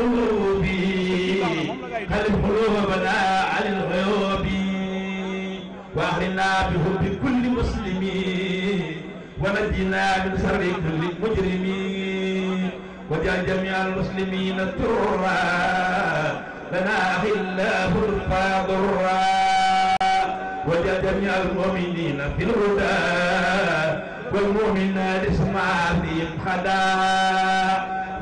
القلوب خلف قلوبنا عن الغيوب واغننا بحب كل مسلم ونجنا من شر كل مجرم وجعل جميع المسلمين ترا لنا الله الفاضرا وجعل جميع المؤمنين في الهدى والمؤمنات اسمع فيهم خدا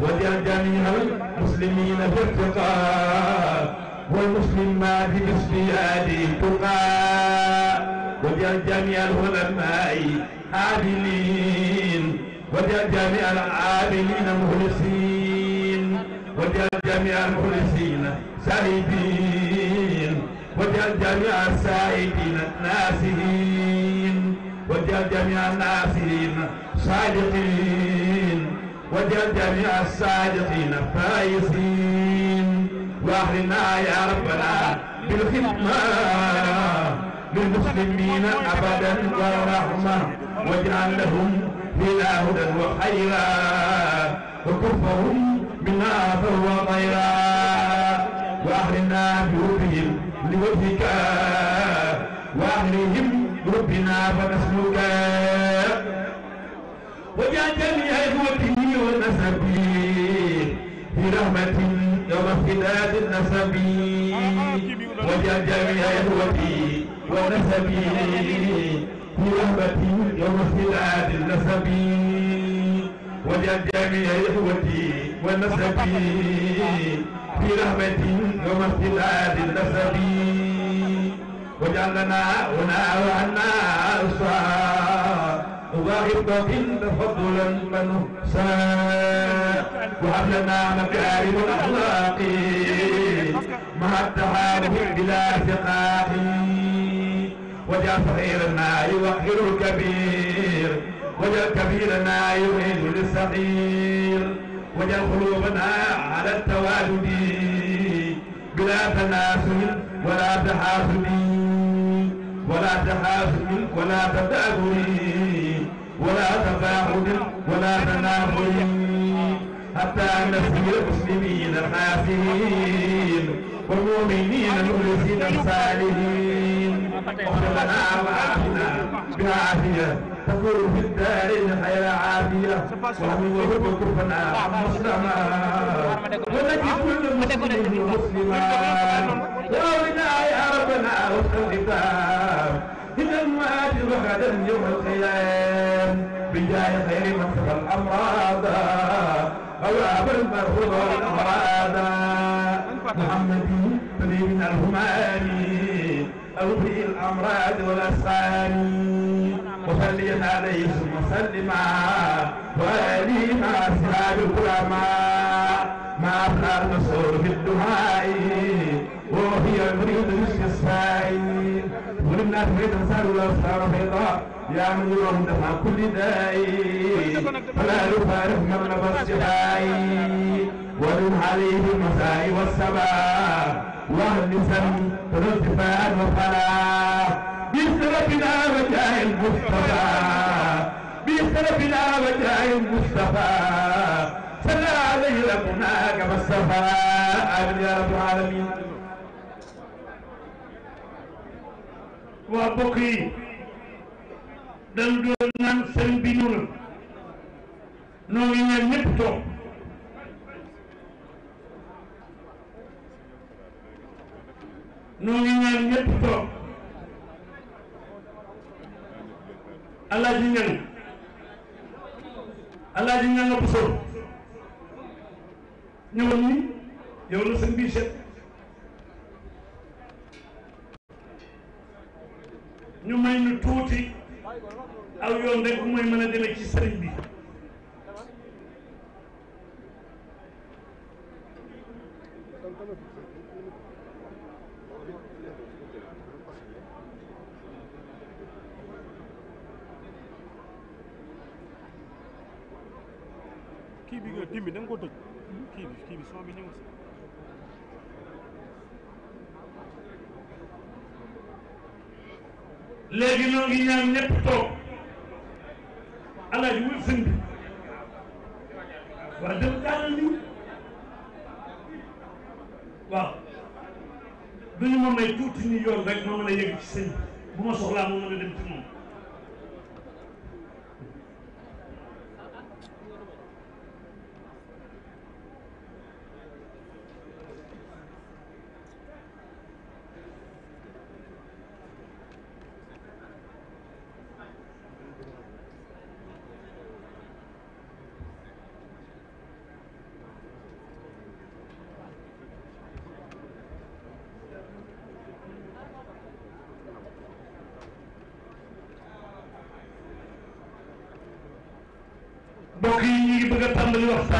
وجعل جميع المسلمين في ارتقاء والمسلمات باجتهاد تقى وجعل جميع العلماء عادلين وجعل جميع العاملين مخلصين وجعل جميع المخلصين سائبين وجعل جميع السائبين ناسين وجعل جميع الناصرين صادقين واجعل جميع الصادقين فايصين واخرنا يا ربنا بالخدمة للمسلمين أبدا والرحمة واجعل لهم بلا هدى وخيرا وكفهم من فهو غيرا وأهلنا بوبهم لوجهك وأهلهم ربنا فنسلك وجعل جميع قوتي ونسبي برحمة يوم اختلاف النسب وجعل جميع قوتي ونسبي برحمة يوم اختلاف النسب وجعل جميع قوتي ونسبي برحمة يوم اختلاف النسب وجعلنا هنا وعنا أصحاب وغبة فضلا من وهب لنا مكارم الأخلاق مع التعارف بلا ثقاق وجاء صغيرنا يوقر الكبير وجاء كبيرنا يميل للصغير وجاء قلوبنا على التوالد بلا تناسل ولا تحاسد ولا تحاسد ولا تدابر ولا تفاخر ولا تنافر حتى نسير المسلمين الحاسنين والمؤمنين المخلصين الصالحين وخلنا وعافنا بالعافية تكون في الدارين خير عافية وهم وهم كفنا مسلما ونجي كل مسلم مسلما يا ربنا وسلم وغدا يوم القيام بجاه خير من سقى الامراض غلاب المرض والامراض محمدي فلي من الهمام او في الامراض والاسقام وصلي عليه ثم سلما والي مع اصحاب الكرماء ما أفنى النصر في الدعاء وهي المريض في السائل بالناس بيت نسأل الله السلام بيضاء يا من يرهم دفع كل داعي فلا يفارق من نفس جدائي ومن عليه المساء والسماء وهنسا بالارتفاع والفلاح بسلفنا وجاء المصطفى بسلفنا وجاء المصطفى صلى عليه ربنا كما الصفا امين يا رب العالمين waa bokk yi dañu doon naan sëriñ bi ñëw na noo ngi ñaan ñëpp toog noo ngi ñaan ñëpp toog alaaji ñan alaaji ñan nga bu soo ñëwoon ni yow la sëriñ bi set ñu ma nu tuuti aw yoon rek mooy mën a demee ci sëriñ bi kii bi nga dimbi da ko tëj kii léegi ñoo ngi ñaan ñëpp toog alaaji wut sëñ bi waaw dem daanal ñu waaw duñu ma may tuuti ni yoon rek ma mën a ci sëñ bu ma soxlaa ma mën dem ci moom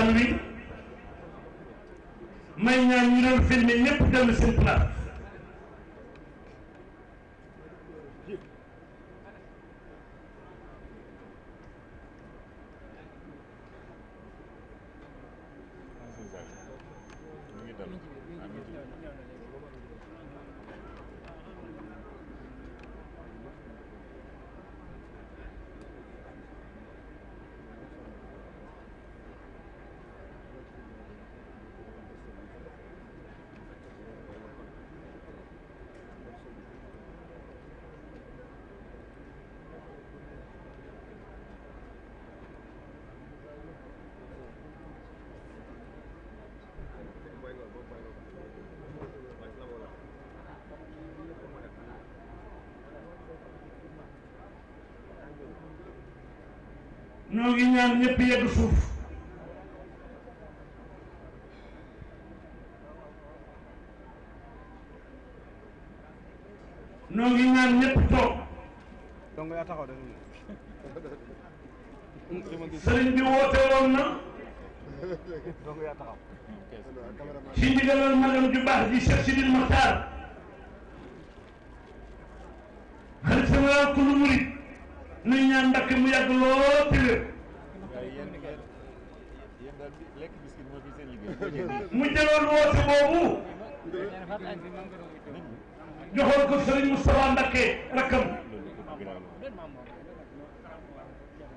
askan wi ñoo ngi ñaan ñëpp yegg suuf ñoo ngi ñaan ñëpp toog sëriñ bi woote woon na ci ndigalal magam ju baax ji Cheikh Sidil Mokhtar xarit sama kulu murit nañ ñaan Mbàkke mu yàgg lool moomu joxoon ko Serigne Moustapha Mbacké rakkam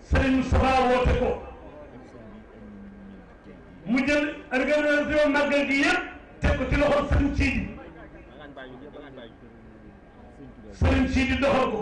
Serigne woote ko mu jël organisation màggal gi yëpp teg ko ci loxol Serigne Sidi Serigne Sidi doxal ko.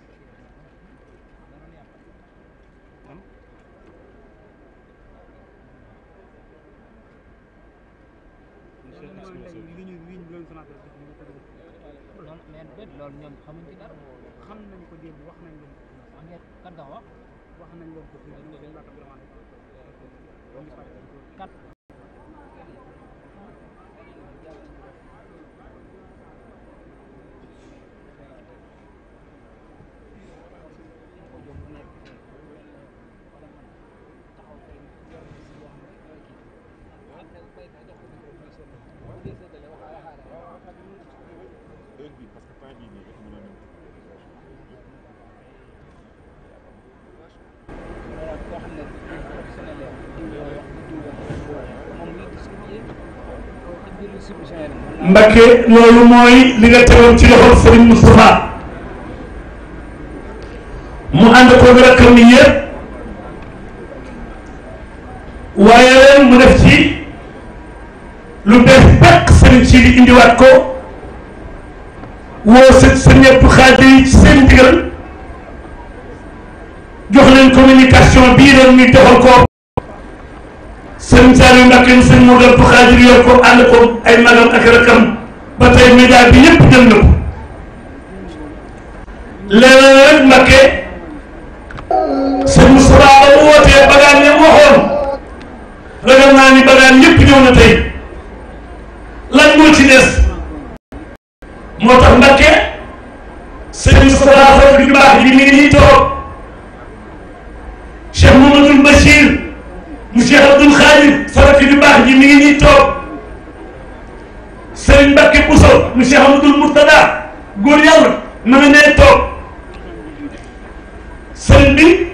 li ñu li ñu loolu Sonatel def ñu ko dugg. loolu mais déet loolu ñoom xamuñ ci dara. xam nañ ko démb wax nañ leen ko. wax ngeen kan nga wax. wax nañ leen ko fii kat. Mbakke loolu mooy li nga tegoon ci loxol Serigne Moustapha mu ànd ko rakkam ni yëpp waaye leen mu def ci lu bees bekk Serigne si di indiwaat ko woo seen seen ñëpp xaalis yi ci seen jox leen communication bii ren ñu doxal ko. sëñ Saliou Mbacké ñu sëñ Modou Abdou Khadir yor ko ànd ko ay magam ak rakam ba tey média bi yépp jël na ko bagaan yam waxoon ragal naa ni bagaan yépp ñëw tey lan moo ci des moo tax Mbacké sëñ Moustapha fekk mi ngi nii toog Cheikh mu Cheikh mu Khadir Salafi bi baax ji mi ngi ñuy toog Serigne Mbacke Bousso mu Cheikh Abdoul Mourtada góor yàlla ma nga nee toog Serigne bi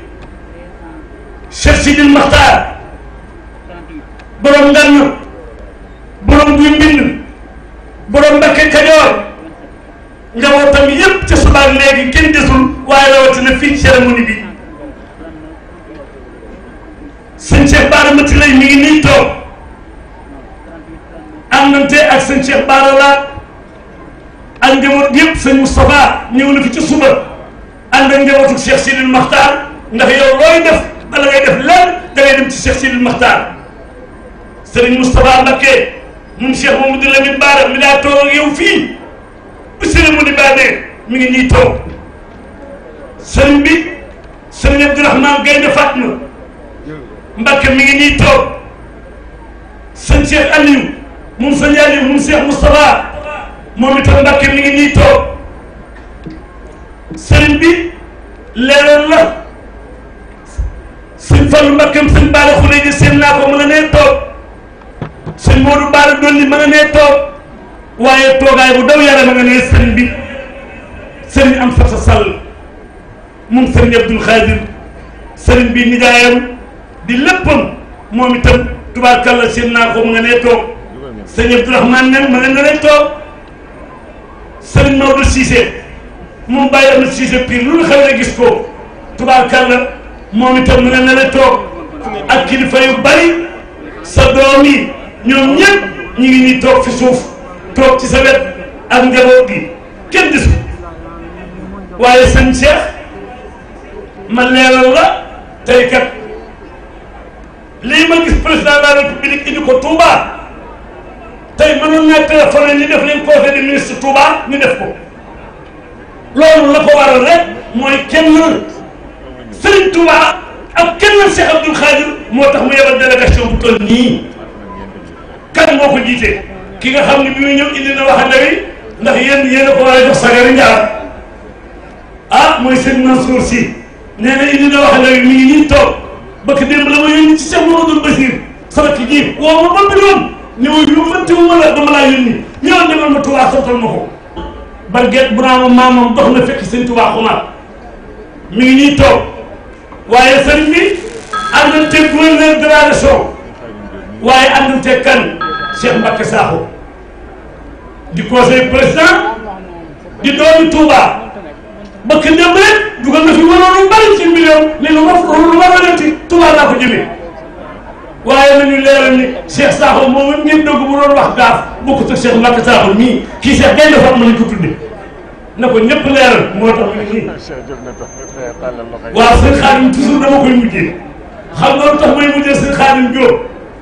Cheikh Sidil Makhtar borom Ngann borom guy mbind borom Mbacke Kajoor njabootam yëpp ca subaak léegi kenn desul waaye rawatina fii cérémonie bi sëñ Cheikh Bara Mati lay mi ngi nii toog àndante ak sëñ Cheikh Bara la ak njaboot yëpp sëñ Moustapha ñëw na fi ci suba ànd ak mu Cheikh Sidil Maxtaar ndax yow looy def bala ngay def lenn da ngay dem ci Cheikh Sidil Maxtaar sëriñ Moustapha Mbacké yow fii bi mu mi ngi nii toog sëriñ bi sëriñ Abdourahmane Gaynde Fatma Mbacke mi ngi nii toog sëñ Cheikh Aliou moom sëñ Aliou moom Cheikh Moustapha moom mi ngi nii toog sëriñ bi leeral la sëñ Fallou Mbacke sëñ Baale Xule ji seen naa ko mën a nee toog sëñ Modou Baale Dolli mën a nee toog waaye toogaay bu daw yaram a nga nee bi sëriñ am sa sa sàll moom sëriñ Abdoul Khadir sëriñ bi di léppam moom itam tubaarkàlla seen naa ko mu nga nee toog sëñ Abdourahmane nen ma nga nga nee toog sëñ Maodo Cissé moom bàyyi am na Cissé pire lu xew ne gis ko tubaarkàlla moom itam mu nga nga nee toog ak kilifa bari sa doom yi ñoom ñëpp ñu ngi ñuy toog fi suuf toog ci sa ak njaboot gi kenn gis ko waaye sëñ Cheikh ma leeral la tey kat lii ma gis président de la république indi ko Touba tey mënoon naa téléphoné ñu def leen conseil des ministres Touba ñu def ko loolu la ko waral rek mooy kenn Serigne Touba ak kenn Cheikh Abdoul Khadir moo tax mu yebal délégation bu toll nii kan moo ko jiite ki nga xam ne bi muy ñëw indi na waxande wi ndax yéen yéen a ko war a jox sagari njaar ah mooy sëñ Mansour si nee na indi na waxande wi mi ngi nii toog bëgg démb la ma yónni ci Cheikh Mamadou Bachir sama ki ji woo ma ban yoon ne ma yu mënti wu ma la dama laa yónni ñëw demal ma Tuubaa sottal ma ko barget bu naa ma maamam dox na fekk sëñ Tuubaa Xumar mi nii toog waaye sëriñ bi àndanteeg gouverneur de la région waaye àndanteeg kan Cheikh Mbacke Sakho di conseil président di doomi Touba. ba kër dem rek na fi waroon lu bari ci million ne lu ma lu ma rëleeti tubaab nañu leeral ni Cheikh Sakho moom it ngeen dëgg bu doon wax daaf bokkut ak Cheikh Mbacke Sakho mii kii Cheikh benn forme lañ ko tuddee na ko ñëpp leeral moo tax ñu nii waaw seen xaadim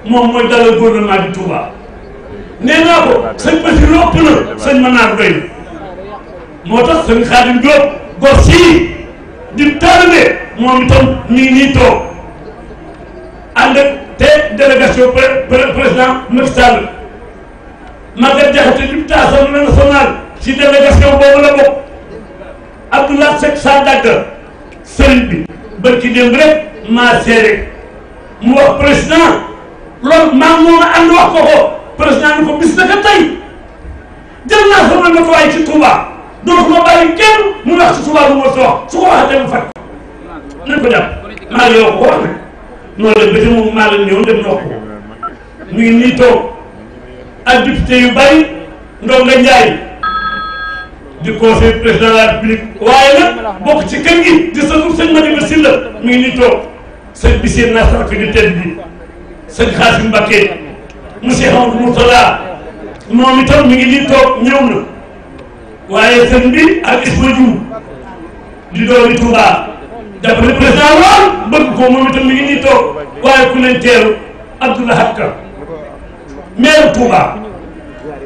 moom mooy dalal gouvernement bi Touba nee naa ko sëñ Basiru ëpp na sëñ Manar moo tax seen xaadim Diop. gor sii di taalibe moom itam mi ngi nii toog ànd ak te délégation président Macky Sall Maguette Diakhaté député Assemblée si délégation boobu la bokk Abdoulaye Seck Sadaga sëriñ bi barki démb rek maa seere mu wax président loolu maa moom a ànd wax ko ko président ni ko bis naka tey jël naa sama na ko waay ci Touba doo ko bàyyi kenn mu wax si suba lu ma soox su ko waxee dem faj nañ ko jàpp maa ngi ko noonu la bés moom maa leen ñëw dem ko mu ngi nii toog ak député yu bari Ndonga Ndiaye di conseil président de la waaye nag bokk ci kër gi di sa sëñ Madiba Sylla mu ngi nii toog sëñ Bissiré Nassar fi ñu tedd bi sëñ Xaasim Mbacké monsieur Amadou Mourtala moom itam mi ngi nii toog ñëw na. waaye sëñ bi ak Isma Diouf di doomi Touba jàppale président lool bëgg ko moom itam mi ngi nii waaye ku leen teeru Abdoulaye Hakka maire Touba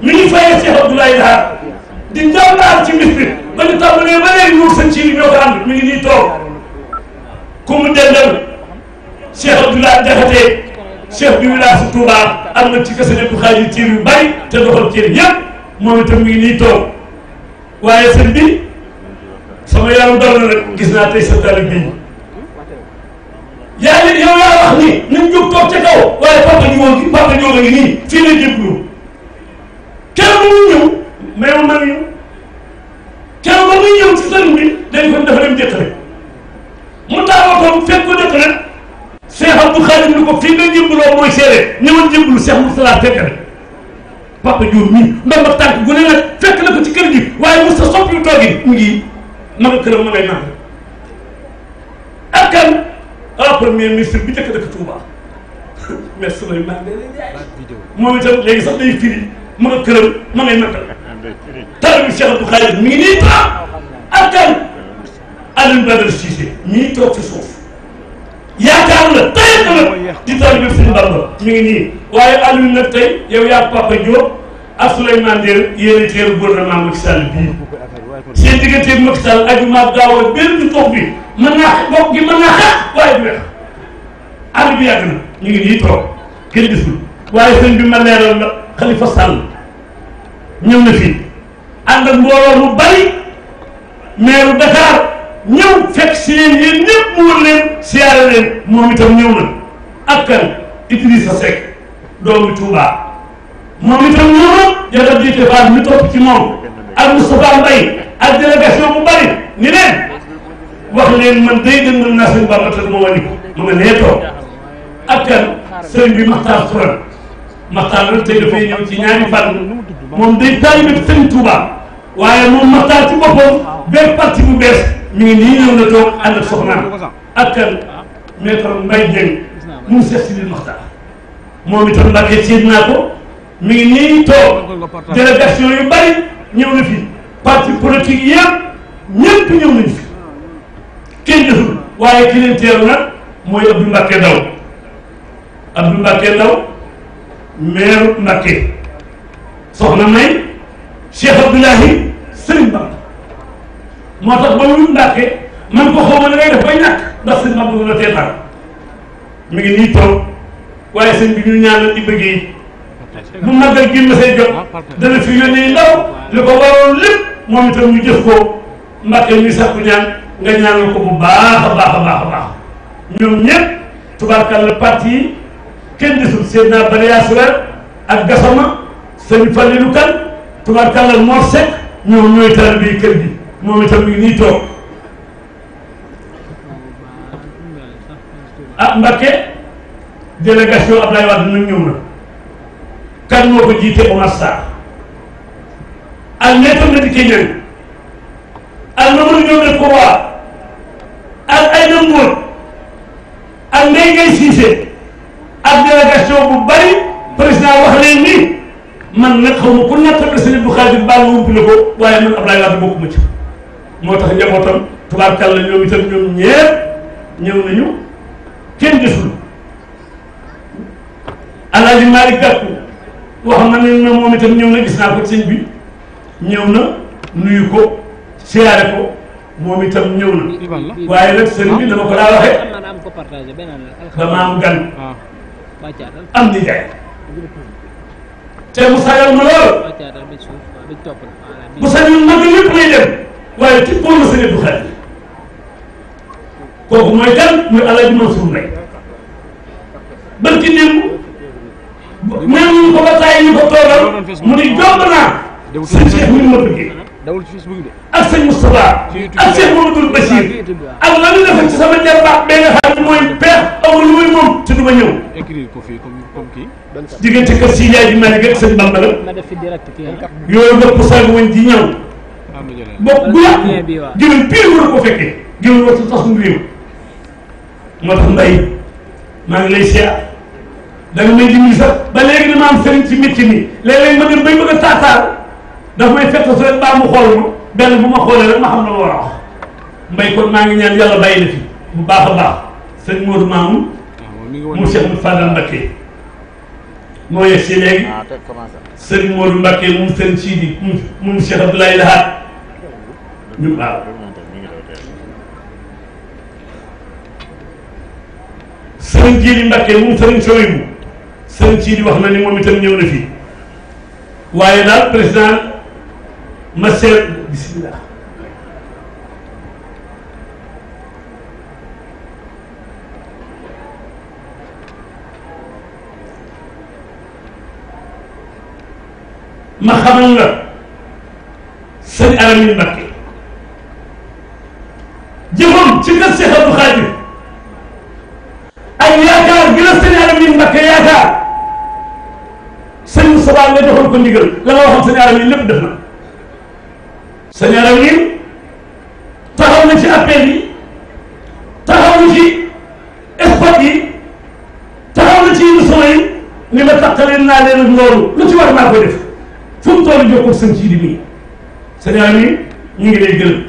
mi ngi fayee Cheikh Abdoulaye Dar di njàmbaar ci mbir bi ba ñu tàmbalee ba léegi ñuur sëñ ci ñoo ko ànd mi ngi mu dendal Cheikh Abdoulaye Diakhaté chef du village Touba am na ci kese moom itam mi ngi waaye sëñ so sama yaram dal na gis naa tey sa talib bi yaa ngi yow wax ni nañ jóg toog ca waaye papa ñu woon papa ñoo ngi nii fii lay jéglu kenn mënu ma mën ñëw kenn mën na ñëw ci sëñ bi dañ dafa dem dëkk mu taawaatoon fekk ko dëkk rek Cheikh Abdou Khadim ni ko fii nga jébloo mooy seere ñëwal jéblu Cheikh papa Diouf mii ndomba tànk gu ne nag fekk na ci kër gi waaye mos a yu toogin mu ngi ma nga këram ma ngay naan ak kan ah premier ministre bi njëkk dëkk Touba mais Souleymane Ndéné Ndiaye moom itam léegi sax day firi ma nga këram ma ngay nattal taal bi mi ngi nii taa ak kan Alioune Badara Cissé yaakaar la tayet la di taalibe Sëriñ Bamba mi ngi nii waaye Alioune nag tey yow yaa Papa Diop ak Souleymane Dieng yéen a teeru gouvernement Macky Sall bii seen digganteeg Macky Sall aju maa gaaw a benn du toog bi mën naa bokk gi mën naa xaar waaye du weex àll bi yàgg na ñu ngi nii toog kenn gisul waaye sëñ bi ma leeral la Khalifa Sall ñëw na fii ànd ak mbooloo mu bari maire Dakar ñëw fekk si yéen yéen ñëpp mu wër leen siyaare leen moom itam ñëw na ak kan Idrissa Seck doomu Touba moom itam ñëw na jagal jiite faal ñu topp ci moom ak Moustapha Mbaye ak délégation bu bari ni leen wax leen man day dëngal naa seen Bamba te ma wani ma nga nee toog ak kan sëriñ bi Maxtaar Xuran Maxtaar rek tey dafay ñëw ci ñaari fànn moom day taalibe Sëriñ Touba waaye moom Makhtar ci boppam benn parti bu bees mi ngi nii ñëw na toog ànd ak soxnaam ak kan maître Mbaye Dieng mu seet si biir Makhtar moom itam Mbacke séet naa ko mi ngi nii toog délégation yu bari ñëw na fi parti politique yëpp ñëpp ñëw nañ fi kenn deful waaye ki leen teeru nag mooy Abdou Mbacke Ndaw Abdou Mbacke Ndaw soxna May Cheikh Abdoulahi Serigne Bamba moo tax ba mu ndàkkee man ko xaw ma ne ngay def bay ñàkk mi ngi nii toog waaye sëñ bi ñu ñaanal di bëgg yi bu màggal gi ma say dana fi yónnee ndaw li ko waroon lépp moom itam ñu jëf ko Mbàkke ñuy sàkku ñaan nga ñaanal a baax a baax baax ñoom ñëpp tubaarkàlla parti yi kenn desul seen naa Bariya Suwer ak Gasama sëñ Falilou Kane tubaarkàlla Mor Seck ñoom ñooy taal bi kër gi moom itam mi ngi nii toog ah Mbacké délégation Abdoulaye Wade nag ñëw na kan moo ko jiite Omar Sarr al nettam na di ke ñëw al Mamadou Diop def ko waa al Aïda Mbodj al Ndeye Gueye Cissé ak délégation bu bari président wax leen ni man nag xaw ma ku nekkal Sëriñ bu Xaadir baal ma wumpule ko waaye man Abdoulaye Wade bokkuma ci moo tax njabootam tubaarkàlla ñoom itam ñoom ñeer ñëw nañu kenn desul Alaaji Malick Gakou wax na ne na moom itam ñëw na gis naa ko sëñ bi ñëw na nuyu ko siyaare ko moom itam ñëw na waaye nag sëriñ bi dama ko daa waxee dama gan am nijaay te mu sagal ma lool bu sañoon dem waaye ci boobu sëñ Abdou Khadre kooku mooy kan muy El Hadj Mansour Mbaye barki démb même ko ba taay ñu ko toogal mu ni jomb naa sëñ Cheikh mi ma ak sëñ Moustapha ak Cheikh Mamadou Bachir ak la ñu defal ci sama jarbaat bee nga xam peex amul lu muy moom te du ma ñëw. diggante kër si yaay bi ma ne gën sëñ Bamba la yooyu lépp sànni woon ci ñaw bokk bu yàqu jëloon pire war ko fekkee jëloon war sa taxum réew moo tax mbay maa ngi lay siyaar da nga may dimbali sax ba léegi dama am sëriñ ci métier nii léeg-léeg ma dem bay bëgg a taataar daf may fekk su rek baa mu xool ma benn bu ma xoolee rek ma xam ma war a wax mbay kon ma ngi ñaan yàlla bàyyi la fi bu baax a baax sëñ Modou Mamou ah, mu Cheikh Moussa Fadal mooy yegg si léegi ah, sëriñ Modou Mbacke moom sëriñ mu moom Cheikh Abdoulaye Lahat ñu waaw sëriñ Sidi Mbacke moom sëriñ Sowibu sëriñ Sidi wax na ni moom itam ñëw na fii waaye daal président ma seet bisimilah ma xamal la sëñ Alamine ci kër Cheikh Abdou Khadir ak yaakaar gi la sëñ Alamine Mbacké yaakaar sëñ Moustapha nga joxoon ko ndigal la nga waxoon sëñ Alamine lépp def na sëñ Alamine taxaw na ci appel yi taxaw na ci spot yi taxaw na ci émission yi ni ma taqaleen naa leen loolu lu ci war maa ko fu mu toll jokkoo sëñ ci di mii sëñ Aliou ñu ngi lay gërëm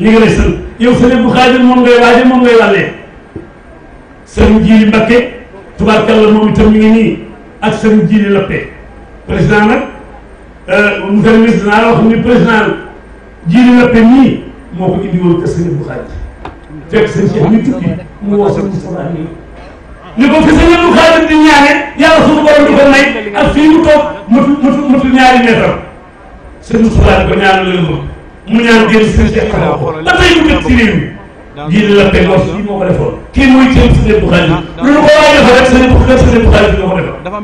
ñu ngi lay sant yow sëñ bu xaajal moom ngay waaje moom ngay wàllee sëñ Jili Mbakke tubaarkàlla moom itam ñu ngi nii ak sëñ Jili Lappe président nag euh, monsieur le ministre naa la wax ni président Jili Lappe nii moo ko indi woon kër sëñ bu fekk sëñ Cheikh ñu tukki ni ko fi sëñ Abdou Khadir di ñaane yàlla suñu borom di ko may ak fii mu toog matu matu matu ñaari meetar sëñ Moussa ko ñaan leen ma mu ñaan génn sëñ Cheikh Fallou ba tey mu dëkk ci réew mi lii la pegg wax moo ko defoon kii mooy teew sëñ Abdou Khadir lu ñu ko waaj a def rek sëñ Abdou Khadir sëñ Abdou Khadir ñoo ko defal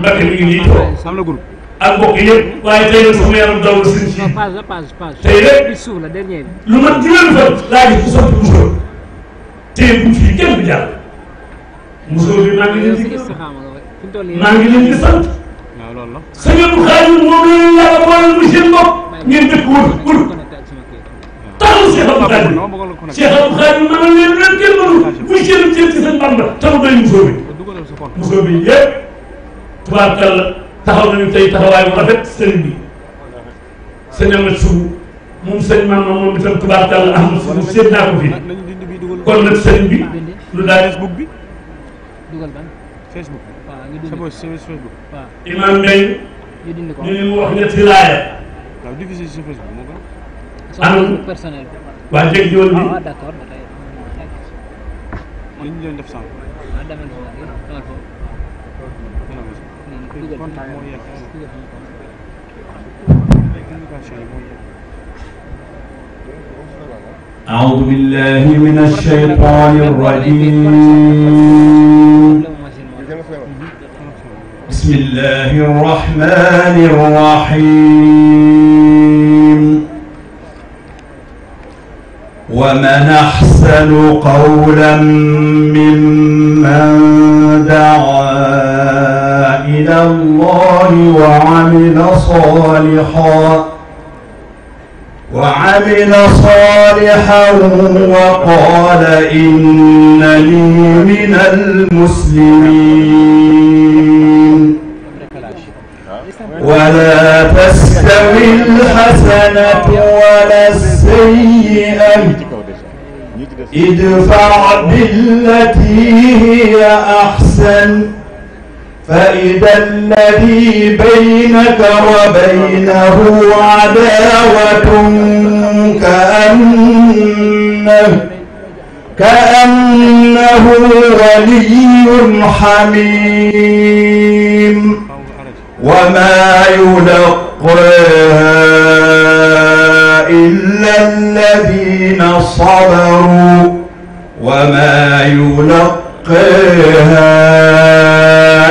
Mbacke mi ngi nii toog ak mbokk yëpp waaye tey nag sama yaram daw sëñ si tey rek lu ma juróomi fan laa gis bu sotti bu te bu fi kenn bu jàll musóor bi maa ngi leen di maa ngi leen di sant sëñ Abdou Khadir moom la leen yàlla boole muy seen bopp ngeen dëkk wër wër taxul Cheikh Abdou Khadir Cheikh Abdou Khadir ma ne leen ren kenn mënul muy seen cër ci seen Bamba taxul doy musóor bi musóor bi yëpp tubaarkàlla taxaw nañu tey taxawaay bu rafet sëriñ bi sëñ Amat Sougou moom sëñ Maama moom itam tubaarkàlla am na suuf seet naa ko fii kon nag sëriñ bi lu daal Facebook. waaw ñu dindi ko sama Facebook. waaw Imaam Mbengue. ñu dindi ko ñu ngi wax ñetti laaya. waaw diffusé si Facebook moo gën. amul personnel bi. waa njëg yoon bi waaw ah, d'accord ba tey. li ñu doon def sànq. waaw demal foofu demal foofu. contact moo yàq. communication yi moo yàq. أعوذ بالله من الشيطان الرجيم بسم الله الرحمن الرحيم ومن أحسن قولا ممن دعا إلى الله وعمل صالحا وعمل صالحا وقال إنني من المسلمين ولا تستوي الحسنة ولا السيئة ادفع بالتي هي أحسن فإذا الذي بينك وبينه عداوة كأنه كأنه ولي حميم وما يلقاها إلا الذين صبروا وما يلقاها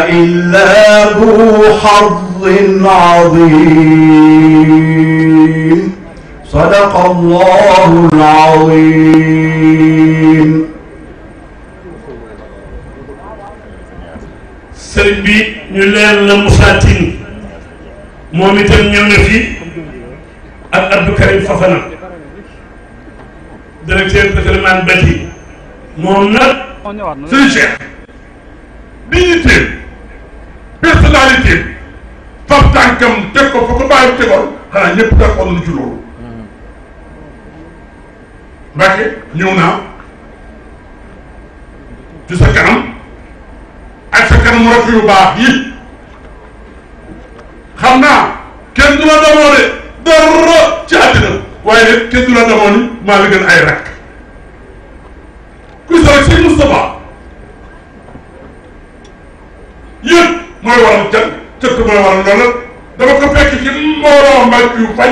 إلا ذو حظ عظيم صدق الله العظيم sëriñ bi ñu leer la Moussa moom itam ñëw na fi ak Abdou Karim Fafana directeur patrimoine bâti moom nag suñu Cheikh dignité personnalité fab tànkam teg fa ko bàyyi tegoon xanaa ñëpp d'accord nañu ci loolu Mbacke ñëw naa ci sa kanam ak sa kanamu rafet yu baax yi xam naa kenn du la demoo de dara ci àddina kenn du la demoo ni maa la gën ay rakk kuy sa rek sëñ Moustapha mooy waral jant jant mooy waral loolu dama ko fekk ci mbooloo mbaj yu fañ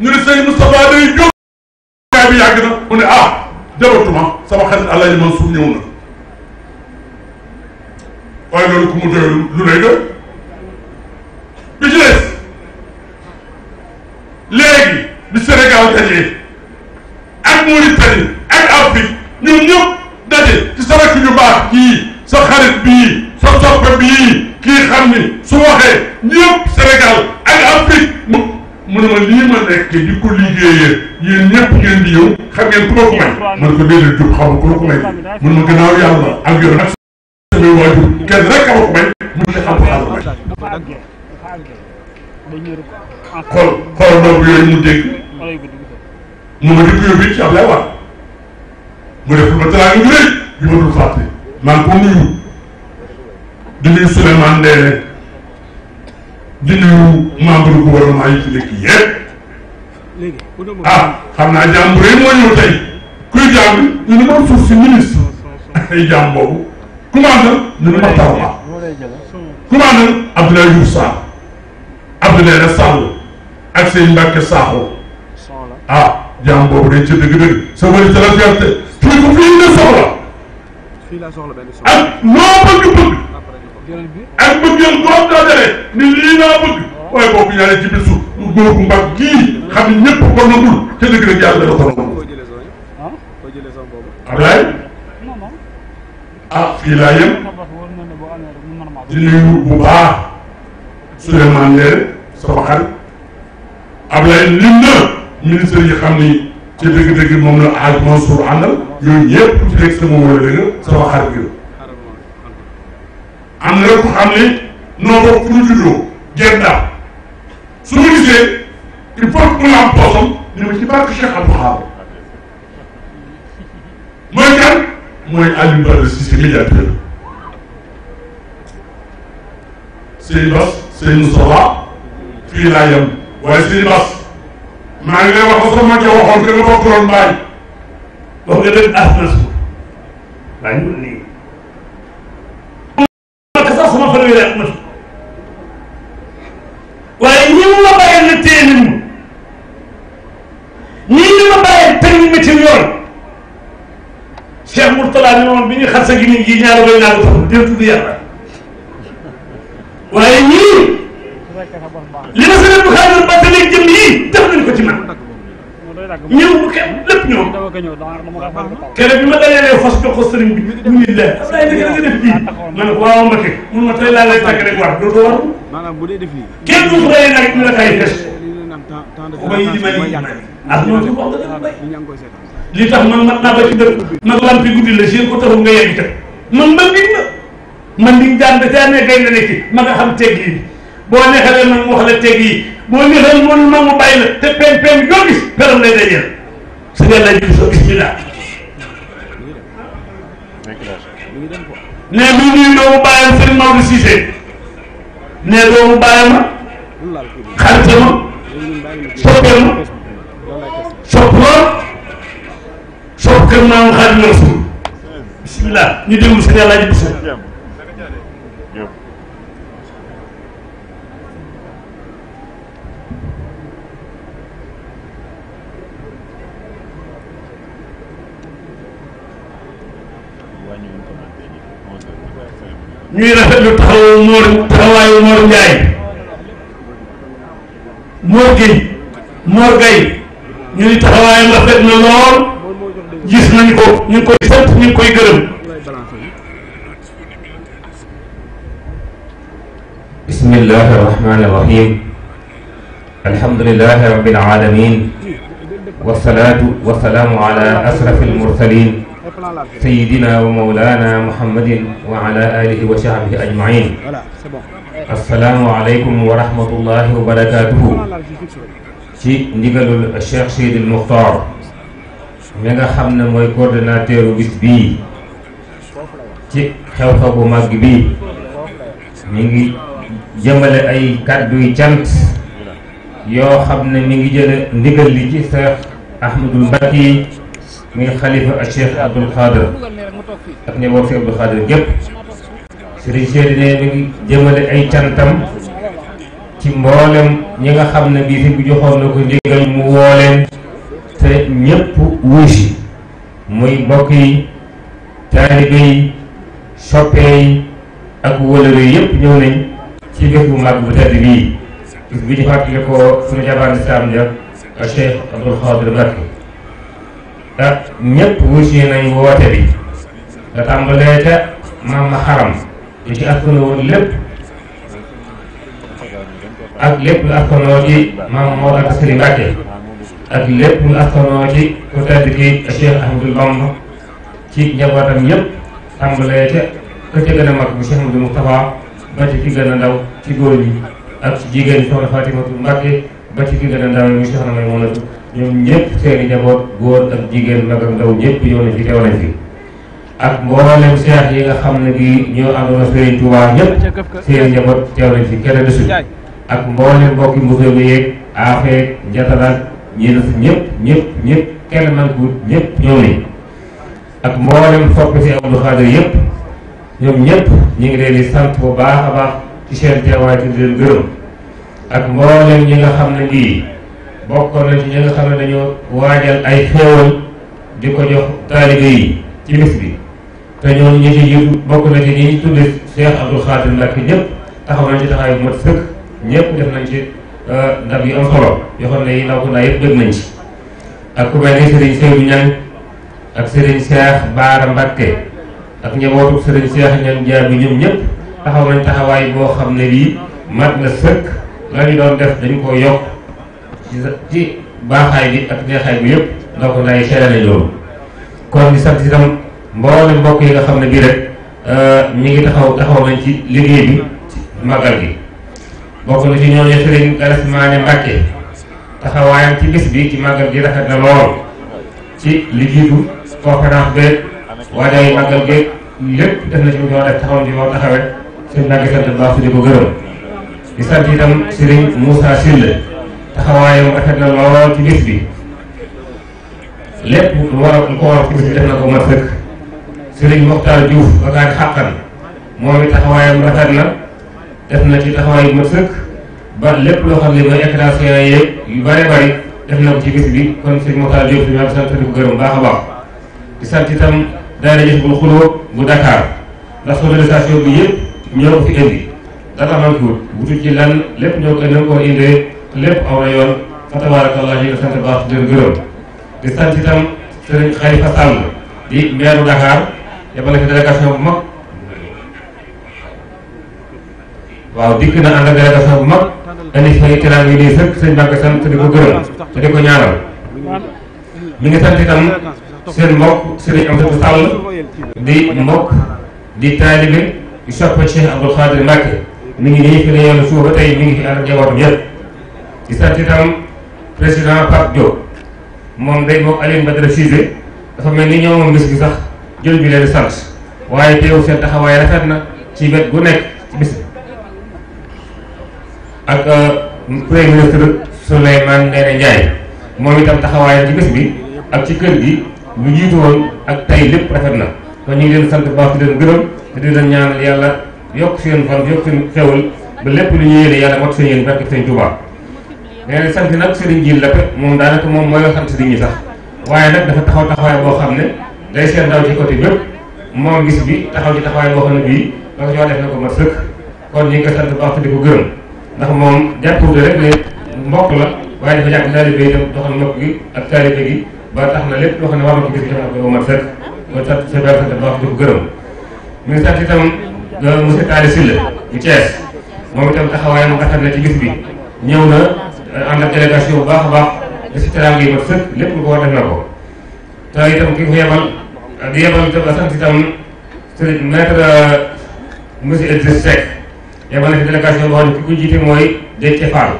ñu ne sëñ Moustapha day jóg. bi yàgg na ah jabatuma sama xarit Alaaji Mansuur ñëw na. waaye loolu ku mu doyul lu lay doy bi ci des léegi bi Sénégal dajee ak Mauritanie ak Afrique ñoom ñëpp daje ci sa rakk ñu baax kii sa xarit bii sa soppe bii kii xam ni su waxee ñëpp ak Afrique mu mu lii ma nekk di ko liggéeyee yéen ñëpp ngeen di yow xam ngeen ku ma ko may man ko déedéet ak yoon muy waajur kenn rek a ko ci alxuraan la may. xool xool boobu yooyu mu dégg mu ma dëkk yooyu bi ci Ablaye Wade mu ma teraanga bu rëy bi ma dul fàtte maa ngi ko nuyu di nuyu Souleymane ci nekk yëpp ah xam naa si ministre ay jàmm commandeur Lamine Mahtar Ba commandeur Abdoulaye Diouf Sarr Abdoulaye Ré Sall ak seen Mbacke Sakho ah jàmm boobu day ci dëgg-dëgg sa wëri sa la fierté fii ko fii nga soxla ak loo bëgg bëgg ak bëggeel borom dajale ni lii naa bëgg waaye boobu ñaare ci bisu góor bu mbag gii xam ne ñëpp ko nangul ca dëgg-dëgg yàlla dana ko nangul ah fii laa yem di nuyu bu baax Souleymane Leer sama xarit Ablaye lim na ministre yi xam ni ci dëgg-dëgg moom la aaj Mansour àndal yooyu ci nekk sama wala dëgg sama xarit am na xam ni noo bokk ñu juddoo gerte su ma gisee il faut que am poosam ni ma ci barke Cheikh Abdou Khadre mooy kan. mooy Aliou Badara Cissé médiateur sëñ Bas sëñ Moustapha fii laa yem waaye sëñ Bas maa ngi lay wax sama mag ja waxoon que nga bokkuloon bàyyi wax nga dëgg as na su laa ne woon bi ñuy xar sa gimiñ gi ñaari bay naa ko tax del tudd yàlla waaye ñii li ma sëriñ bu xaaral ba tëlee jëm yi def nañ ko ci man ñëw bu kenn lépp ñoom keroog bi ma dajalee fas jox ko sëriñ bi mu ngi leen parce que ay dëgg nga def bii ma ne ko waaw ma teg mun ma tey laa lay tàgg rek war dootoo war kenn du xëyee nag ñu la kay des ko bay di may ak ñoo ci wax nga def bay li tax man man naa ba ci dëkk nag lampi guddi la jéem ko taxul nga yegg ca man man nit na man liñ daan da caa nekkay na nekk ma nga xam tegg boo neexalee man mu wax la boo neexal moom ma mu bàyyi la te pen pen yoo gis peram lay dajeel su ngeen lay gis bismillah ne mi nuyu doomu bàyyam sëñ Maodo Cissé ne doomu bàyyama xaritama soppeema sopp lool gëm naa woon Xaadimu Rasuul bisimilah ñu déglu sëñ Alaaji Buso ñuy rafetlu taxawu Mor taxawaayu Mor Ndiaye Mor Gueye Mor Gueye ñu ni taxawaayam rafet na lool. gis nañ ko ñu ngi koy sant ñu ngi koy gërëm. bismillahi rahmani rahim alhamdulilahi rabbil alamin wasalaatu wasalaamu ala asrafi almursalin sayidina wa maulana muhammadin wa ala alihi wa sahbihi ajmain assalaamu aleykum wa rahmatullahi wa barakatuhu ci ndigalul cheikh Seydil Muxtaar mi nga xam ne mooy coordonnateur bis bii ci xew-xew bu màgg bi mi ngi jëmale ay kàddu yu cant yoo xam ne mi ngi jële ndigal li ci Cheikh Ahmadul Mbacke yi muy xalifa ak Cheikh Abdoul Khader ak njaboot si Abdoul Khader gépp Serigne Cheikh ne mi ngi jëmale ay cantam ci mboolem ñi nga xam ne bii fi bu joxoon na ko ndigal mu woo te ñépp wuusi muy mbokk yi taalibe yi soppe yi ak wëlëre yépp ñëw nañ ci bés bu mag bu tedd bii bis bi ñu fàttali ko suñu jabaan lislaam ja ak Cheikh Abdoul Khadir Mbacké ñépp wuusi nañ woote bi da tàmbalee te maam ma xaram di ci askana woon lépp ak lépp lu askana woon ci maam moo ak askani Mbacké ak lépp lu askanoo ci ku tedd ki Cheikh Ahmadou Bamba ci njabootam yëpp tàmbalee ca ka ca gën a mag bu Cheikh Ahmadou Moustapha ba ci ki gën a ndaw ci góor ñi ak jigéen ñi soxna ba ci ki gën a ndaw mu soxna may moonatu ñoom ñëpp seeni njaboot góor ak jigéen mag ak ndaw ñëpp yow na fi teew nañ fi ak seex yi nga xam ne bi ñoo àndoon ak Sëriñ Tuubaa ñëpp seeni njaboot teew nañ fi kenn desul ak mboolem mbokki mbokki mu yeeg ñi def ñëpp ñëpp ñëpp kenn nanku ñëpp ñëw nañ ak mboolem fokk si Abdou Khadir yëpp ñoom ñëpp ñu ngi leen di sant bu baax a baax ci seen teewaay te di leen gërëm ak mboolem ñi nga xam ne nii bokkoon na ci ñi nga xam ne dañoo waajal ay xéewal di ko jox taalibe yi ci bis bi te ñoom ñi ci yëpp bokk na ci ñi ñu tudde Cheikh Abdou Khadir Mbacke ñëpp taxaw nañ ci taxawaay bu mat sëkk ñëpp def nañ ci Eh, ndab yu am solo yoo xam ne yi ndaw ko naa yëpp gën nañ ci ak ku mel ni Serigne Seydou Niang ak Serigne Cheikh Baara Mbacké ak njabootu Serigne Cheikh Niang jaar bi ñoom ñëpp taxaw nañ taxawaay boo xam ne lii mat na sëkk la ñu doon def dañ koo yokk ci ci baaxaay bi ak neexaay bi yëpp ndaw ko naa yi loolu kon di sant itam mboolem mbokk yi nga xam ne bii rek mi eh, ngi taxaw taxaw nañ ci liggéey bi magal gi bokk na ci ñooñu sëriñ Galas Maane Mbàkke taxawaayam ci bis bi ci màggal gi rafet na lool ci li jiitu conférence beeg waajaay màggal geeg lépp def na ci mu def taxawaayam rafet na lool ci bis bi lépp lu war a ko war ci bis bi def na ko mat sëkk sëriñ Moxtaar Diouf ba gaan xàqan moom it taxawaayam rafet na def na ci taxawaay bu mat sëkk ba lépp loo xam ne mooy écrasfera yeeg yu bare bari def na ko ci bis bi kon sëñ Moussa Diop ñu am sant di ko gërëm baax a baax di sant itam daara jëf bu xuloo bu Dakar ndax sonorisation bi yëpp ñoo ko fi indi dara man tuut wutu ci lan lépp ñoo ko indi ko indee lépp aw na yoon fa tabarakallah ñu ngi sant baax di leen gërëm di sant itam sëriñ Xalifa Sall di meeru Dakar yabal na fi délégation bu mag waaw dikk na ànd ak délégation bu mag indi fay teraanga yi di mi ngi sant itam seen mbokk sëriñ Amsatou Sall di mbokk di taalibe di soppe Cheikh Abdoul Khadir Mbacke mi ngi nii fi la yoon suuf ba tey mi ngi fi ànd ak njabootam yëpp di sant itam président Pape Diop moom de moom Alioune Badara Cissé dafa mel ni ñoo moom bis gi sax jël bi leen sant waaye teew seen taxawaay rafet na ci wet gu nekk bis ak euh, premier ministre Souleymane Ndéné Ndiaye moom itam taxawaayam ci bés bi ak ci kër gi lu jiitu ak tey lépp rafet na kon ñu ngi leen sant baax di leen gërëm te di leen ñaanal yàlla yokk seen lépp lu ñu yéene yàlla mot seen yéen na sant nag sëriñ ji la moom daanaka moom mooy sant sëriñ ñi waaye nag dafa taxaw taxawaay day seen daw ci côté bépp bi taxaw ci taxawaay boo xam ne bii dafa ñoo di ko gërëm ndax moom jàppul rek ne mbokk la waaye dafa jàpp taalibe yi dem doxal mbokk gi ak taalibe gi ba tax na lépp loo xam ne war na ko gis jox na ko ba mat sëkk loolu sax sa baax na baax di ko euh, bu Thiès moom itam taxawaayam rafet na ci bis bi ñëw na euh, ànd ak bu baax baax da si teraanga yi mat sëkk lépp lu ko war def na ko te itam ki ko yebal di yebal itam la sant itam sëriñ maître euh, monsieur yebal na fi délégation boo xam ne ki ko jiite mooy Déthié Fall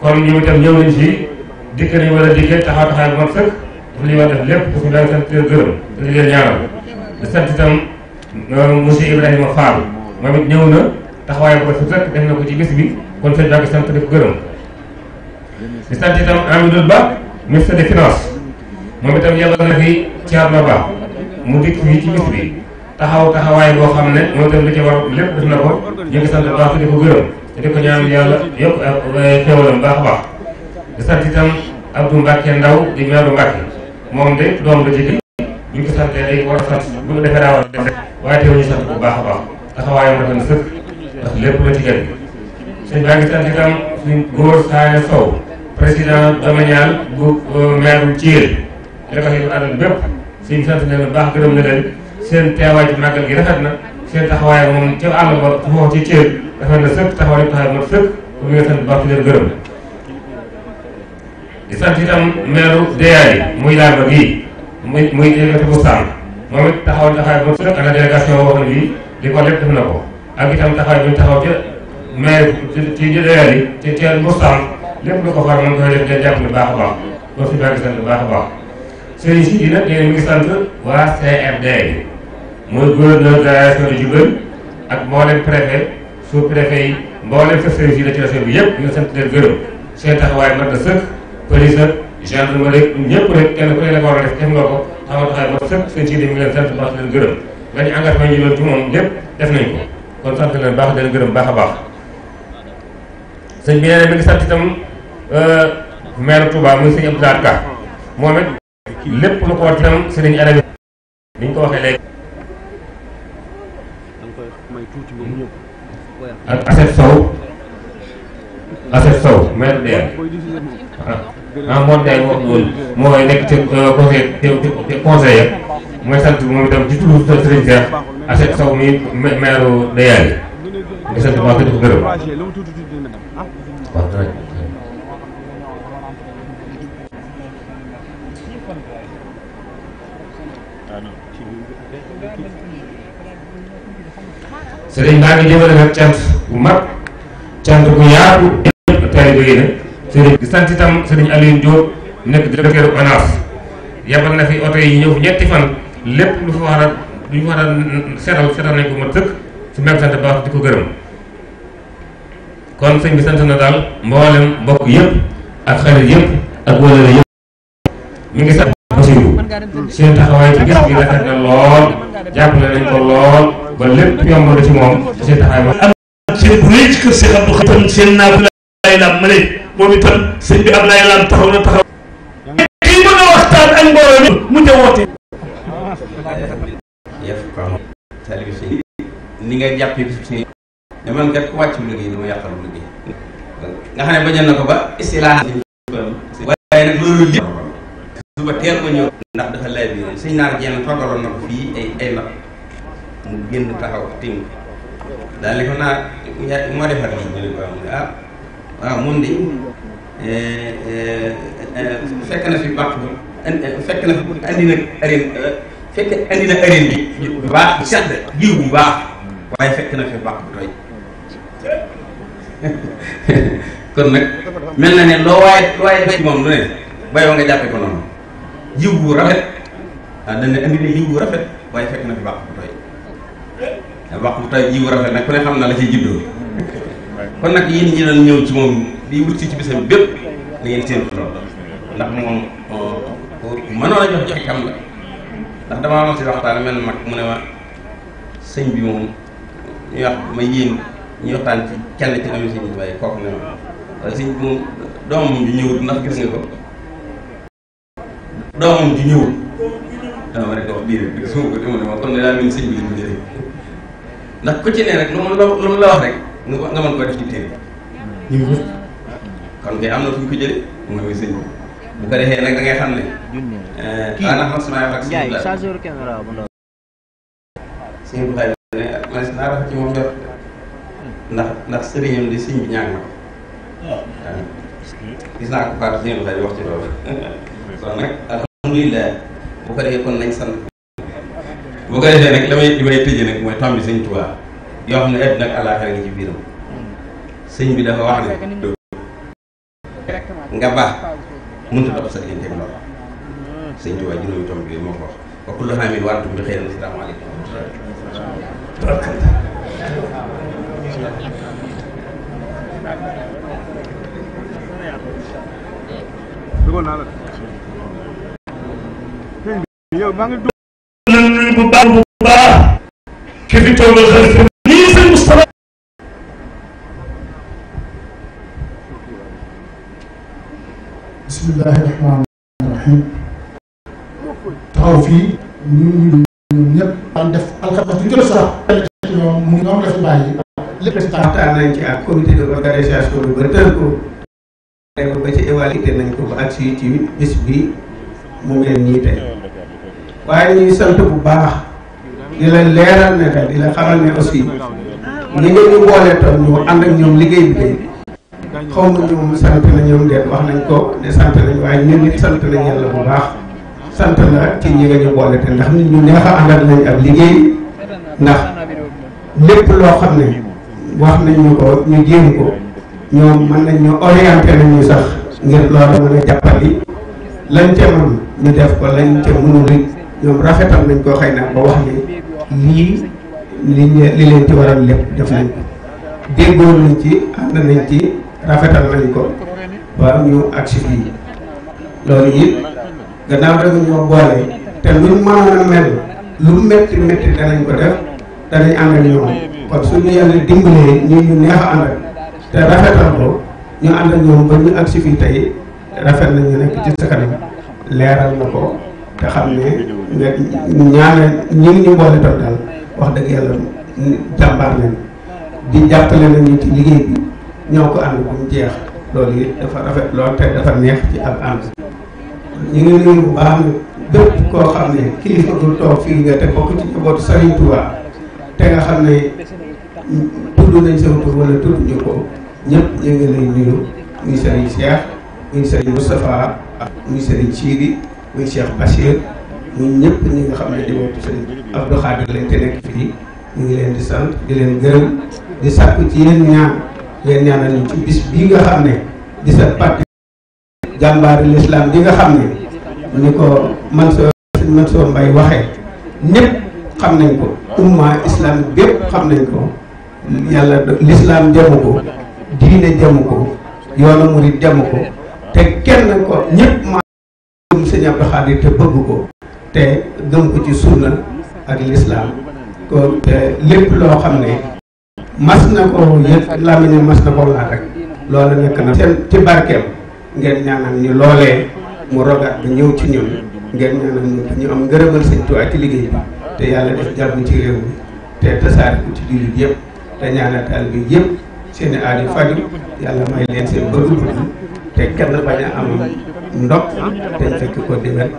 kon ñoom itam ñëw nañ fi dikk nañ war a dikkee taxaw taxaw bu mag sëkk daf a lépp parce que daan sant leen gërëm dañ leen ñaanal di sant itam euh, monsieur Ibrahima Fall moom it ñëw na taxawaay bu rafet sëkk def na ko ci bis bi kon sëñ Ba sant def gërëm di sant itam Amidou Ba ministre des finances moom itam yebal na fi Thierno Ba mu dikk fii ci bis taxaw taxawaay boo xam ne moom itam li ci war lépp def na ko ñu ngi sant baax di ko gërëm te di ko ñaan yàlla yokk ak xéwalam baax a baax di sant itam Abdou Mbacke Ndaw di meeru Mbacke moom de doom la jigi ñu ngi sant day a a def waaye teew baax baax taxawaayam dafa na sëkk lépp la ci gën sëñ baa ngi sant itam suñ góor Saane Sow président domanial bu euh, maire Thiel li ko xëy àndal bépp suñ sant baax gërëm na leen seen teewaay ci màggal gi rafet na seen taxawaay moom ca àll ba foofu ci Thiel rafet na sëkk taxawaay bi taxawaay bi sëkk pour ñu ngi sant bu baax di leen gërëm di sant itam meeru Deyaay muy Lamba gii muy muy délégué bu Sall moom it taxawaay taxawaay bu sëkk ak la délégation boo xam ne li ko lépp def na ko ak itam taxawaay bi ñu taxaw ca maire ci Deyaay yi ci Thiel bu Sall lépp lu ko far moom dafay def day jàpp lu baax a baax doo si bàyyi sant bu baax a baax sëriñ si dina léegi mi ngi sant waa CRD. mooy gouverneur de la région de Diourbel ak mboolem préfet sous préfet yi mboolem sa service yi la ci région bi yëpp ñu sant leen gërëm seen taxawaay mat na sëkk police ak gendarmerie rek ñëpp rek kenn ku ne la ko war nga ko xamal taxawaay seen ciite mi ngi leen baax leen gërëm nga baax a baax sëñ bi nee na mi ngi sant itam euh, maire muy sëñ Abdoulaye Ka moom it lépp lu ko war itam sëriñ Arabi ni ñu ko waxee léegi ak Aset Sow Aset Sow maire DER ah moom day wax loolu mooy nekk ci conseil te conseiller mooy sant moom itam ci turu Serigne Cheikh Aset Sow mi maire DER yi di sant maa ko di ko gërëm sëriñ baa ngi jëmale nag cant bu mag cant bu yaatu taalibe yi nag di sant itam sëriñ Alioune Diop nekk directeur ONAS yabal na fi oto yi ñëw ñetti fan lépp lu fa war a lu ñu nañ ko ma dëkk su mag sant baax di ko gërëm kon sëñ sant na daal mboolem mbokk yëpp ak xarit yëpp ak wëlële yëpp mi ngi sant seen taxawaay ci gis a rafet na lool jàppale nañ ko lool ba lépp yomb na ci moom seen taxawaay ba. am seen bu rëy ci kër Cheikh Abdou seen naa fi laay a waxtaan ak mbooloo mu jëm woote. ni nga jàppee bis si ne man kat suba teel ma ñëw ndax dafa lay biir suñ naar jenn toggaloon na ko fii ay ay ndab mu génn taxaw tim daal li ko naa moo defar lii ñu ne ko ah waaw mun di eh, eh, eh, fekk na fi bàq bi fekk na arin fekk arin bi bu baax bu sedd jiw bu baax waaye fekk na fi bàq bu doy kon nag mel na ne loo waaye loo waaye fekk moom lu ne bayoo nga jàppe ko noonu jiw bu rafet ah dañ ne andi ne bu rafet waaye fekk na fi baax bu tooy baax ah, bu tooy yiw bu rafet nag ku ne xam na la ciy juddoo kon nag yi ñi doon ñëw si bépp da ngeen seen loolu ndax moom oh, oh, mënoon a jox joxe kam la ndax damaa amoon si waxtaan mel mag wax ma yéen ñu ci kenn ci doomi sëñ bi waaye kooku ne ma waaye sëñ moom doomam bi ñëwut ndax gis nga ko doomam di ñëw dana ma rek wax biir rek su ma ko demoon ma kon ne daal mel sëñ bi li mu jëlee ndax ku ci ne rek lu mu la lu mu la wax rek nga mën koo def ci téere ñu ngi kon ngay am na fu ñu ko jëlee mooy sëñ bi bu ko defee nag da ngay xam ne. kii maanaam xam sama ak sëñ bi la sëñ bi xayma ne man si naa rafet ci moom jot ndax ndax sëriñam di sëñ bi ñaan na ko ah. waaw gis naa ko Fatou Seye wax ci loolu kon nag. alhamdulilah bu ko defee kon nañ sant bu ko defee nag la may li may tëjee nag mooy tombi sëñ Tuubaa yoo xam ne àddina ak àllaaxira ngi ci biiram sëñ bi dafa wax ne nga baax mënut a topp sa diggante ak loolu sëñ Tuubaa juróomi tomb yooyu moo ko wax wa kullu aamin wa antum bi xayrin asalaamaaleykum wa rahmatulah dugoon naa la yow maa ngi dugg nañ nuyu bu baax bu baax ki fi toogal xalifa nii sëñ Moustapha bismillahi rahmaani rahim taxaw fii ñun ñëpp daan def alxames bu ñu def sax ñoom mu ñoom la fi bàyyi lépp waxtaan nañ ci ak comité de organisation bi ba tënk ko tey ko ba ci évalué nañ ko ba ak si ci bis bi mu ngeen ñii tey waaye ñuy sant bu baax di la leeral ne rek di la xamal ne aussi ni ngeen ñu boole tam ñu ànd ak ñoom liggéey bi day xaw ma ñoom sant na ñoom de wax nañ ko ne sant nañ waaye ñun nit sant nañ yàlla bu na ci ñi ñu boole te ndax nit ñu neex a àndal nañ ak liggéey ndax lépp loo xam ne wax nañ ñu ko ñu jéem ko ñoom mën nañ ñu orienté nañ ñu sax ngir loolu mën a jàppali lañ ca mën ñu def ko lañ ca mënul ñoom rafetal nañ koo xëy na ba wax ne lii li li leen ci waral lépp def nañ ko déggoo ci ci rafetal nañ ko ñu agsi fii loolu it gannaaw dafa ñoo boole te luñ mënoon a mel lu métti métti danañ ko def danañ ànd ak ñoom kon suñu yàlla dimbalee ñu ñu neex a ànd ak te rafetal ko ñu ànd ñoom ba ñu agsi fii tey rafet nañu nekk ci sa kanam leeral na ko te xam ne ñaanal ñu ngi ñu boole toog daal wax dëgg yàlla jàmbaar leen di jàppale na ci liggéey bi ñoo ko ànd ba mu jeex loolu it dafa rafet lool te dafa neex ci ab ànd ñu ngi nuyu bu baax bépp koo xam ne kilifa du toog fii nga te bokk ci njabootu Serigne Touba te nga xam ne tudd nañ sama tur wala tudd ñu ko ñëpp ñu ngi lay nuyu muy Serigne Cheikh muy Serigne Moustapha muy Serigne Sidi muy Cheikh Bachir muy ñëpp ñi nga xam ne di wootu sëñ Abdou Khadir lañ te nekk fii ñu ngi leen di sant di leen gërëm di sàkku ci yéen ñaan leen ñaanal ñu ci bis bii nga xam ne di sa parti jàmbaari lislaam bi nga xam ne ni ko Mansour Mansour Mbaye waxee ñëpp xam nañ ko umma islam bépp xam nañ ko yàlla lislaam jamu ko diine jamu ko yoonu murid jamu ko te kenn ko ñëpp bëggoon sëñ Abdou Khadir te bëgg ko te gëm ko ci sunna ak lislaam ko lépp loo xam ne mas na ko yëg làmmiñam mas na ko laat rek loolu nekk na seen ci barkeem ngeen ñaanal ñu loolee mu rogaat bi ñëw ci ñun ngeen ñaanal ñu ñu am ngërëmal sëñ ak ci liggéey bi te yàlla def jàmm ci réew mi te tasaare ko ci jullit yëpp te ñaanal taal bi yëpp seen i aada yàlla may leen seen bëgg-bëgg te kenn bañ a am ndox tey ko déwén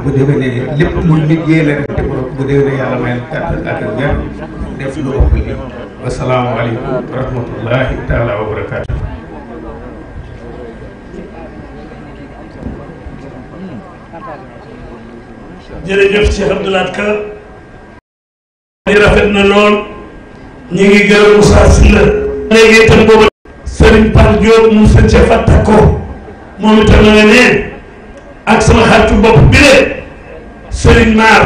bu déwénee lépp mu liggéey la def bu déwénee yàlla may kàttan ak wér def lu ëpp li asalaamaaleykum wa rahmatullahi taala wa barakaatu jërëjëf Cheikh Abdou Lahad Ka di rafet na lool ñu ngi gërëm moom itam la nga ne ak sama xaritu bopp bi de Serigne Mar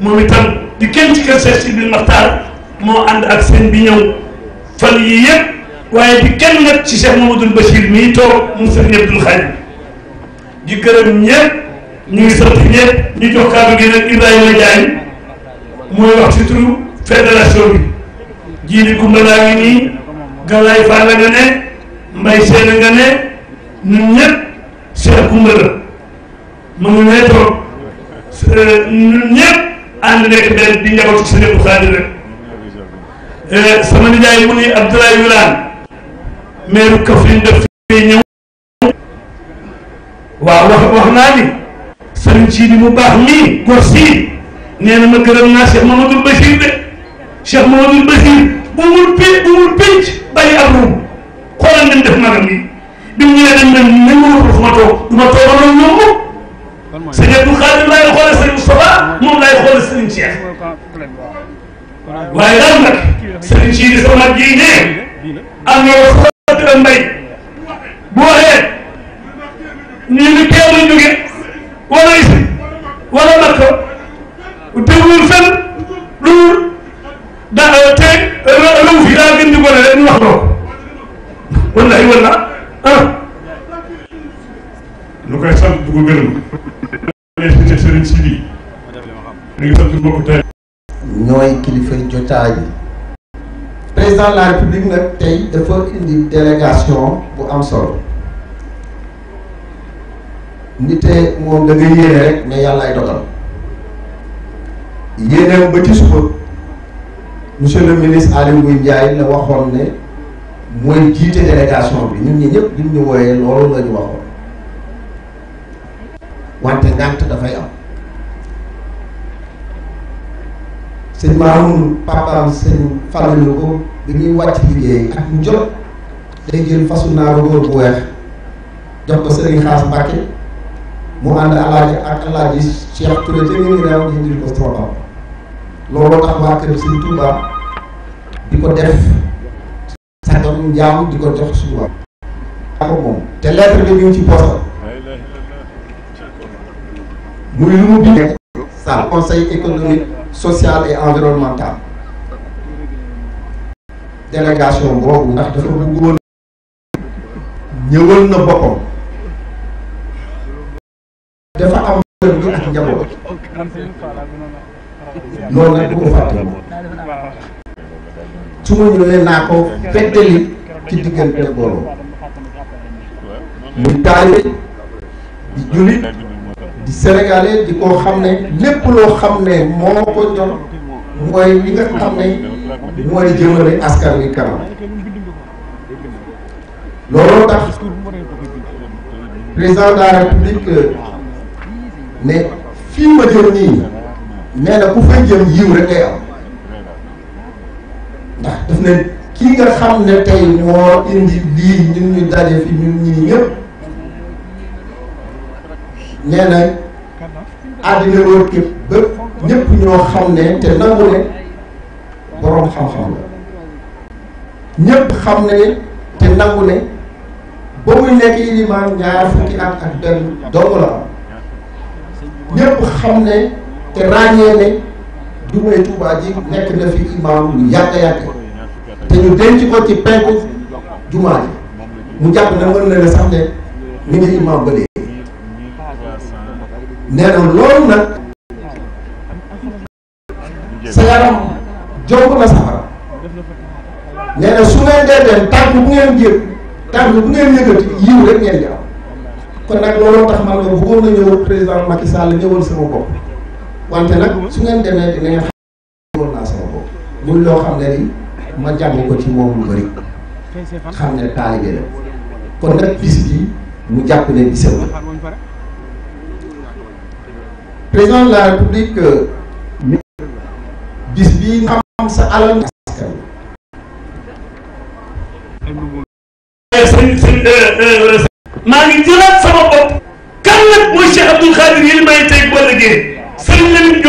moom itam di kenn ci kër Cheikh Sidil Maxtaar moo ànd ak seen bi ñëw fan yii yëpp waaye di kenn nag ci Cheikh Mamadou Bachir mii toog mu Serigne Abdoul Khadim di gërëm ñëpp ñu ngi sant ñëpp ñu jox kàddu gi nag Ibrahima mooy wax ci turu fédération bi jiili Kumba laa ngi nii Galaye Fall nga ne Mbaye Sène nga ne ñun ñëpp. Cheikh Koungheul la ma nga nee toog ñun ñëpp ànd nekk benn di njabootu si nekk xaadir rek sama nijaay mu ni Abdoulaye Wilane maire Kaffrine def fee ñëw waaw wax wax naa ni sëriñ ci ni mu baax mii góor sii nee na ma gërëm naa Cheikh Mamadou Bachir de Cheikh Mamadou Bachir bu mul pi bu mul pénc bàyyi ak ruum xoolal nañ def magam yi bi mu ñëwee dañ ne nañ ma wóorul fu ma toog du ma moom. sëñ Abdou Khadim laay xoole sëñ Moustapha moom laay xoole sëñ Cheikh waaye daal nag sëñ Cheikh di sama ji ne am na wala sa mbay bu waxee nii lu teel a jóge wala isi wala makka dégluwul fenn lu da te raw fi daa gën di boole rek ñu wax ñooy kilifa jotaay bi. président la république nag tey dafa indi délégation bu am solo. nite moom da yéene rek ne yàlla dogal. yéeneem ba ci suba monsieur le ministre Aly Ngouille Ndiaye la waxoon ne. mooy jiite délégation bi ñun ñi ñëpp bi ñu wooyee loolu la ñu waxoon wante ngànt dafay am sëñ Mamoun papaam sëñ fàllalilu ko bi ñuy wàcc liggéey ak mu jot day jël fasu naaru góor bu weex jox ko sëriñ xaas Mbàkke mu ànd alaaji ak alaaji Cheikh Touré te ñu ngi reew ñu indil ko strotam looloo tax waa kër sëñ Touba di ko def santam njaam di ko jox suñu te lettre bi ñu ci poosam. muy lu mu bindee. sa conseil économique social et environnemental. délégation boobu ndax dafa bëggoon ñëwal na boppam. dafa am njaboot. loolu nag bu ko fàtte su ma ñëwee naa ko fettali ci diggante borom muy taalibe di jullit di sénégalais di koo xam ne lépp loo xam ne moo ko ñor mooy li nga xam ne mooy jëmale askan wi kanam looloo tax président de la république ne fii ma jëm nii nee na fay jëm yiw rek am. ndax daf ne kii nga xam ne tey moo indi lii ñun ñu daje fi ñun ñii ñëpp nee na àddina wër képp ba ñëpp ñoo xam ne te nangu ne boroom xam-xam la ñëpp xam ne te nangu ne ba muy nekk ilimaan ñaar fukki at ak benn dong la am ñëpp xam ne te ràññee ne jumaay Tuubaa ji nekk na fi imaam lu yàgg yàgg te ñu denc ko ci penku jumaa ji mu jàpp na mën na ne sax ne mi ngi imaam ba léegi nee na loolu nag sa yaram jomb na saxara nee su ngeen dee dem tànk bu ngeen jël tànk bu ngeen yëkkati yiw rek ngeen di kon nag looloo tax man la bëggoon na ñëw président Macky Sall ñëwal sama bopp wante nag su ngeen demee dina ngeen xam woon naa sama loo xam ne ni ma jàng ko ci moom lu xam ne taalibe la kon nag bis bi mu jàpp ne bisam la la république bis bii xam sa alal maa ngi jëlaat sama bopp kan nag mooy Cheikh Abdoul Khadir yi may teg wala génn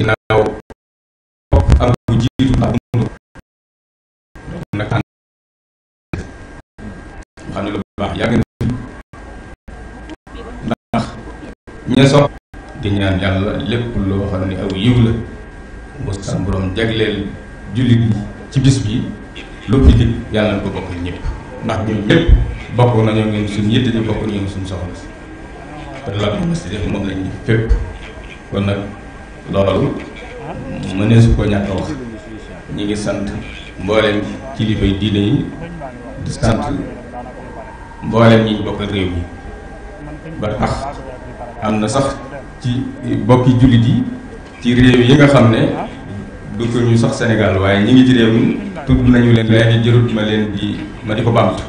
ginnaaw topp ak bu jiitu ndax mënu ko donc xam ne lu baax yàgg na fi ndax ña sopp di yàlla lépp loo xam ne aw yiw la mu sam borom jagleel jullit ñi ci bis bi lu fi di yàlla na ko bokk ñëpp ndax ñun ñëpp bokk nañoo ngeen suñ yitte ñu bokk ñoom suñ soxla si te la moom lañ fépp kon nag loolu mënee su ko ñàkk wax ñi ngi sant mbooleem kilifa yi diine yi di sant mbooleem ñi bokk réew mi ba tax am na sax ci bokki jullit yi ci réew yi nga xam ne du ko ñu sax Sénégal waaye ñi ngi ci réew tudd nañu leen léegi jërut ma leen di ma di ko bamtu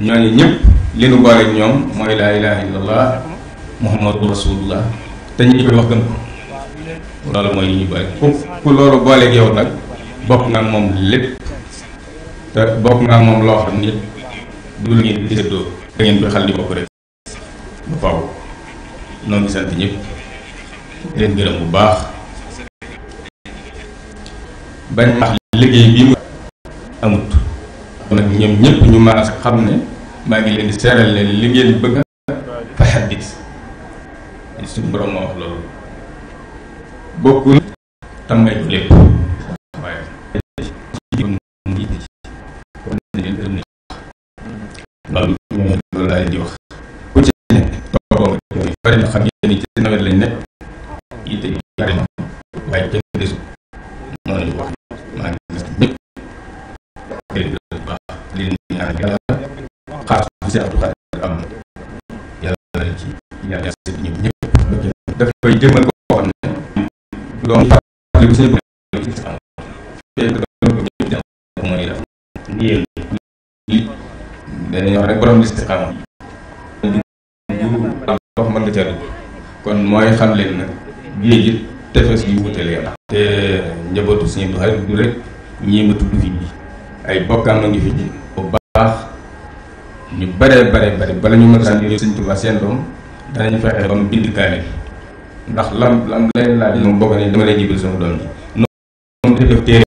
ñooñu ñëpp li nu boole ñoom mooy laa ilaha illallah muhammadu rasulullah te ñu koy wax gën loolu mooy li ñu boole ku ku loolu booleeg yow nag bokk nga moom lépp te bokk nga moom loo xam ni du lu ngeen di séddoo da ngeen xal di bokk rek ba faw noo ngi sant ñëpp leen gërëm bu baax bañ tax liggéey bii mu amut nag ñoom ñëpp ñu ma xam ne maa ngi leen di seeral leen li ngeen bëgg a faxabit suñu borom moo loolu bokkul tam ngay ko lépp waaye loolu laay di wax ku ci ne toppoo nga coono bari na xam ngeen ci nawet lañ nekk yitte yi bari waaye kenn desu noonu lañu wax maa ngi gis ñëpp kër gi bu baax loolu li sëñ bi mooy def li dañuy wax rek borom listixaama wax mën nga ca kon mooy xam leen nag géej gi tefes yu wute leen te njabootu suñu du xarit rek ñii ma tudd fi ay bokkaam a ngi fi bu baax ñu bare bare bare bala ñu mën a sànni sëñ seen doom danañu fexe ba mu bind kaamil ndax lam lam leen laaj moom bokk ne dama lay jibil sama doom ji noonu def téere